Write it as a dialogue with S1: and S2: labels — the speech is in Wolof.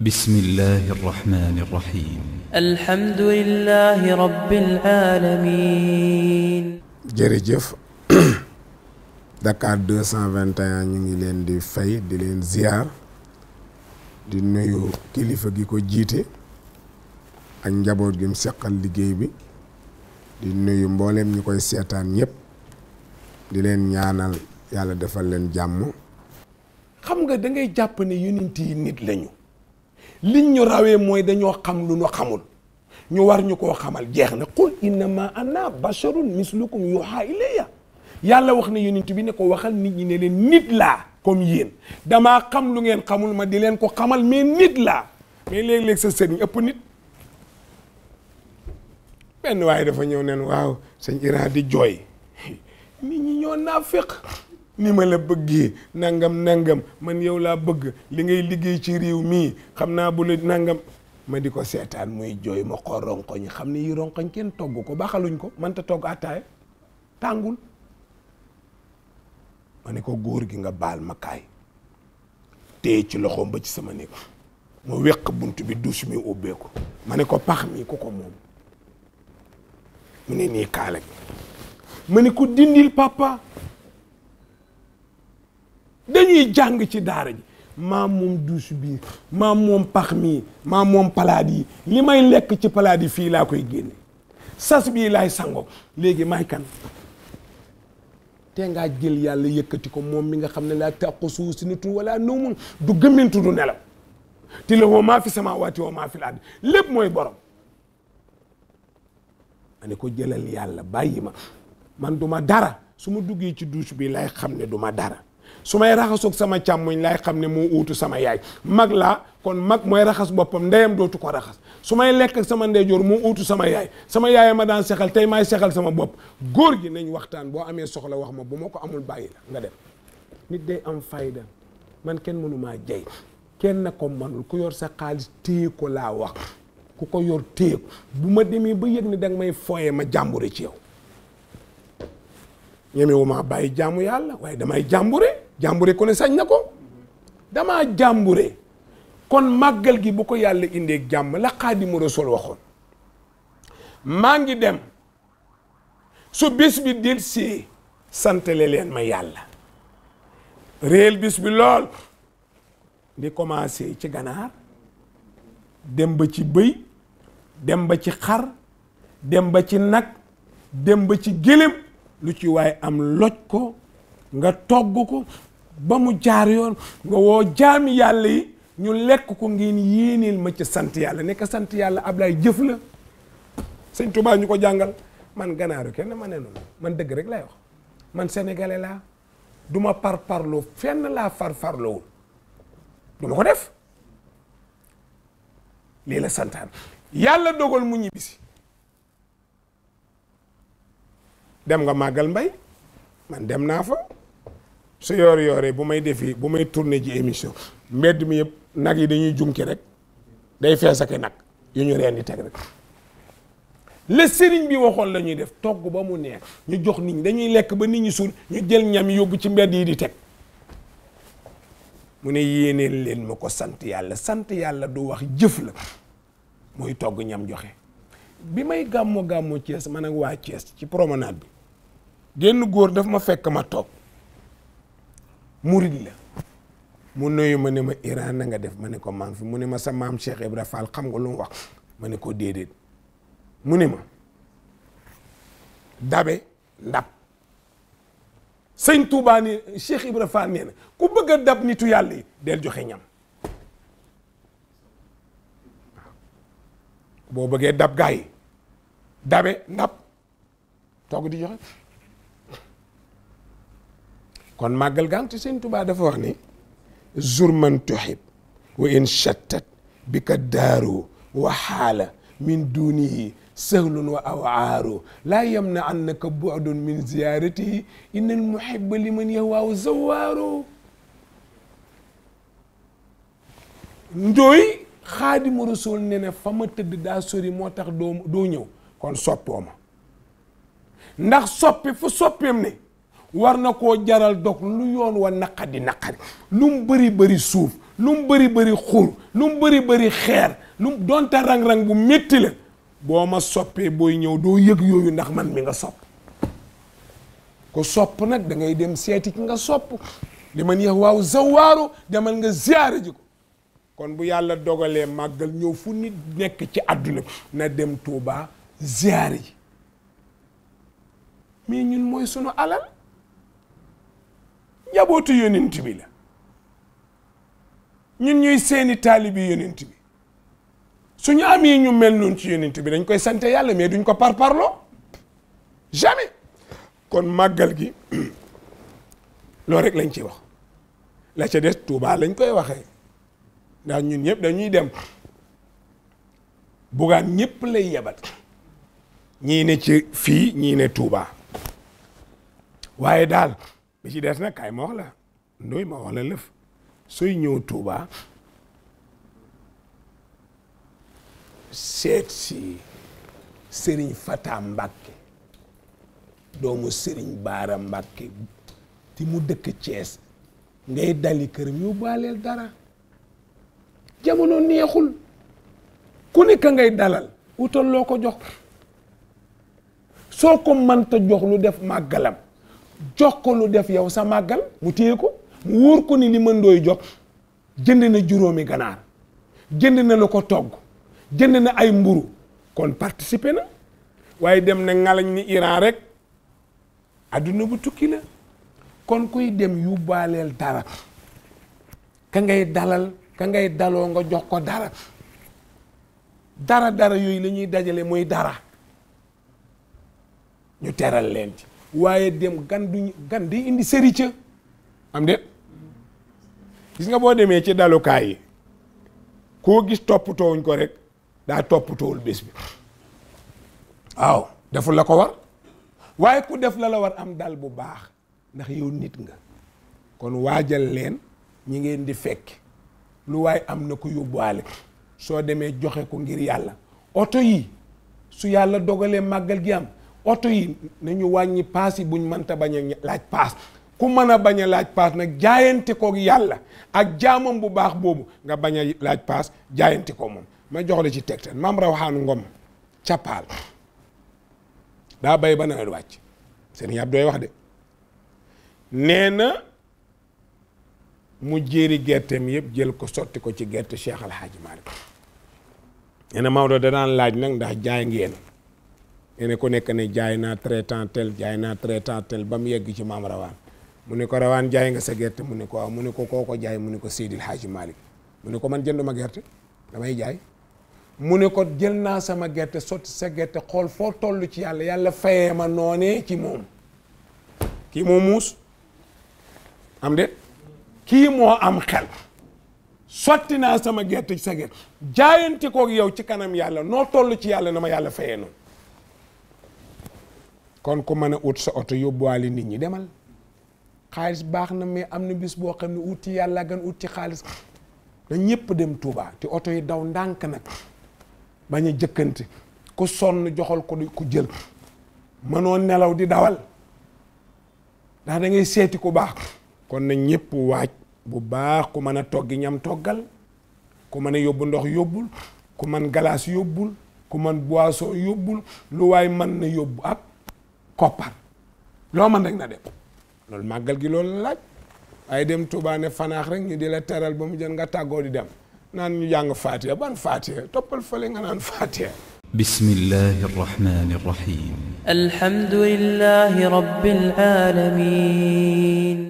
S1: بسم الله الرحمن الرحيم الحمد لله رب العالمين ñu ngi leen di fay di leen ziar di nuyu kilifa gi ko jiite ak njaboot gi mu seqal liggéey bi di nuyu mbooleem ñu koy seetaan ñëpp di leen ñaanal yàlla defal leen jàmm xam nga dangay ngay jàpp ne yonent yi nit lañu liñ ñu rawee mooy dañoo xam lu ñu xamul ñu war ñu koo xamal jeex na qul innama ana basharun mislukum yuha ilayya yàlla wax na yonent bi ne ko waxal nit ñi ne leen nit laa comme yéen damaa xam lu ngeen xamul ma di leen ko xamal mais nit laa mais léeg-léeg sa sëriñ ëpp nit benn waaye dafa ñëw neen waaw sëñ Iran di jooy nit ñi ñoo naafeq ni ma la bëggee nangam nangam man yow laa bëgg li ngay liggéey ci réew mii xam naa bu la nangam ma di ko seetaan muy jooy ma ko ronkoñ xam ni yi ronkoñ kenn toggu ko baaxaluñ ko mënta togg attaaya tàngul ma ni ko góor gi nga baal ma kaay téye ci loxoom ba ci sama néeg mu weq bunt bi douche mi ubbeeku ma ne ko pax mi ku ko moom mu ne nii kaala ma ne ko dindil papa dañuy jàng ci daara ji maa moom douche bi maa moom pax mi maa moom palaat yi li may lekk ci palaat yi fii laa koy génne sas bii laay sango léegi may kan te ngaa jël yàlla yëkkati ko moom mi nga xam ne laa taqusu sinatun wala nawmun du gëmmintu du nelaw te lahu maa fi samaawaati wa maa fil ard lépp mooy borom ma ne ko jëlal yàlla bàyyi ma man duma dara su ma duggee ci douche bi lay xam ne du ma dara su may raxasoog sama càmmoñ laay xam ne moo uutu sama yaay mag laa kon mag mooy raxas boppam ndeyam dootu ko raxas su may lekk sama ndeyjoor moo uutu sama yaay sama yaay ma daan sexal tey maay sexal sama bopp góor gi nañ waxtaan boo amee soxla wax ma bu ma ko amul bàyyi la nga dem nit day am fayda man kenn mënu maa jey kenn na ko manul ku yor sa xaalis téye ko laa wax ku ko yor téye ko bu ma demee ba yëg ne danga may fooye ma jàmbure ci yow ñemewu maa bàyyi yàlla waaye damay jàmbure jàmbure kon sañ na ko dama jàmbure kon màggal gi bu ko yàlla indee jàmm la Xaadimu sol waxoon maa ngi dem su bis bi dellusee santale leen ma yàlla réel bis bi lool di commencé ci ganaar dem ba ci bëy dem ba ci xar dem ba ci nag dem ba ci gëléem lu ci waay am loj ko nga togg ko ba mu jaar yoon nga woo jaami yàlla yi ñu lekk ko ngeen yéeneel ma ci sant yàlla nekk sant yàlla Ablaay jëf la sëñ ñu ko jàngal man ganaaru kenn ma ne noonu man dëgg rek lay man sénégalais laa du ma par far farloowul du def lii la santaan yàlla dogal mu ñibbisi dem nga màggal mbay man dem naa fa su yoor yooree bu may defi bu may tourné ji émission mbedd mi yëpp nag yi dañuy jumki rek day fees nag yu ñu reen teg rek le sëriñ bi waxoon lañuy def togg ba mu neex ñu jox nit ñi dañuy lekk ba nit ñi suur ñu jël ñam yóbbu ci mbedd yi di teg mu ne yéeneen leen ma ko sant yàlla sant yàlla du wax jëf la muy togg ñam joxe bi may gàmmo gàmmo Thiès ma ak waa Thiès ci promenade bi génn góor daf ma fekk ma toog murit la mu nuyu ma ne ma Iran na nga def ma ne ko maa ngi fi mu ne ma sa maam Cheikh Ibra Fall xam nga lu mu ma ne ko déedéet mu ne ma dabe ndab sëñ Touba ni Cheikh Ibra Fall nee na ku bëgg a dab nitu yàlla yi del joxe ñam boo bëggee dab gaa dabe ndab toog di joxe kon màggal gante sëñ Tuubaa dafa wax ni zur tuhib wa in chattat bi ka daaru wa min dunihi sahlun wa awaaru laa yamna annaka bu'dun min ziyaaratihi inna al muhibba liman yahwaahu zawaaru ndooy xaadimu rasul ne ne fa ma tëdd daa sori moo tax doo doo kon soppoo ma ndax soppi fu soppeem ne war na ko jaral dog lu yoon wa naqadi naqari lu mu bëri suuf lu mu bëri bëri xur lum mu bëri bëri xeer lum donte rang ran bu métti la boo ma soppee booy ñëw doo yëg yooyu ndax man mi nga sopp ko sopp nag dangay dem seeti ki nga sopp li man yeex waaw zawaaru demal nga ziyaare ji ko kon bu yàlla dogalee màggal ñëw fu nit nekk ci àdduna na dem Tuubaa ziyaare ji mais ñun mooy sunu alal yabootu njabootu yonent bi la ñun ñuy seeni taalibi yonent bi suñu amee ñu mel noonu ci yonent bi dañ koy sante yàlla mais duñ ko parparloo jamais kon màggal gi loolu rek lañ ciy wax la ce des Tuubaa lañ koy waxee ndax ñun ñëpp dañuy dem bugaan ñëpp lay yebat ñii ne ci fii ñii ne Tuubaa waaye daal bi ci des nag kaay ma wax la ndooy ma wax lëf sooy ñëw Touba seet si Serigne Fata Mbacke doomu Serigne Baara Mbacke ti mu dëkk Thiès ngay dali këram yu baaleel dara jamono neexul ku nekk ngay dalal wutal loo ko jox soo ko mënta jox lu def màggalam jox ko lu def yow sa màggal mu téye ko mu wóor ko ni li mën dooy jox jënd na juróomi ganaar jënd na lu ko togg jënd na ay mburu kon participer na waaye dem na ngalañ ni Iran rek adduna bu tukki la kon kuy dem yóbbaaleel dara ka ngay dalal ka ngay daloo nga jox ko dara dara dara yooyu lañuy dajale muy dara ñu teral leen ci waaye dem gan duñ gan day indi sérieux am déet gis nga boo demee ci dalukaay yi koo gis toppatoowuñ ko rek daa toppatoowul bés bi waaw deful la ko war waaye ku def la la war am dal bu baax ndax yow nit nga kon waajal leen ñu ngeen di fekk lu waaye am na ko yóbbuwaale soo demee joxe ko ngir yàlla oto yi su yàlla dogalee màggal gi am oto yi nañu wàññi paas yi buñ mënta bañ a laaj paas ku mën a bañ a laaj paas nag jaayante koog yàlla ak jaamam bu baax boobu nga bañ a laaj paas jaayanti ko moom ma jox la ci tegtal maam Rawane Ngom cappaal daa bay ba nawet wàcc sëriñ Abdoy wax de nee na mu jéeri gerteem yëpp jël ko sotti ko ci gerte Cheikh Al Hadj Malick nee na Maodo da daan laaj nag ndax jaay ngeen. nee na nekk ne jaay naa traitant tel jaay naa traitant tel ba mu yegg ci maam rawaan mu ne ko rawaan jaay nga sa gerte mu ne ko mu ne ko kooko jaay mu ne ko Seydil Hadji maalik mu ne ko man ma gerte damay jaay mu ne ko jël naa sama gerte sotti sa gerte xool foo toll ci yàlla yàlla fayee ma noonee ci moom kii moo muus am de kii moo am xel sotti naa sama gerte sa gerte jaayante koog yow ci kanam yàlla noo toll ci yàlla na ma yàlla fayee noonu kon ku mën a ut sa oto yóbbuwaale nit ñi demal xaalis baax na mais am na bis boo xam ne ut yàlla gan ut ci xaalis na ñëpp dem Touba te oto yi daw ndànk nag bañ a jëkkante ku sonn joxal ko ku jël mënoo nelaw di dawal ndax da ngay seeti ku baax kon na ñëpp waaj bu baax ku mën a toggi ñam toggal ku mën a yóbbu ndox yóbbul ku mën galaas yóbbul ku mën boisson yóbbul lu waay mën na yóbbu ak koppar loo man rek na dem loolu màggal gi lool la laaj ay dem Touba ne fanaax rek ñu di la teral ba mu jën nga tàggoo di dem naan ñu jàng Fatiha ban Fatiha toppal fële nga naan Fatiha bismillahi rahmani rahim alhamdulillahi rabbil alamin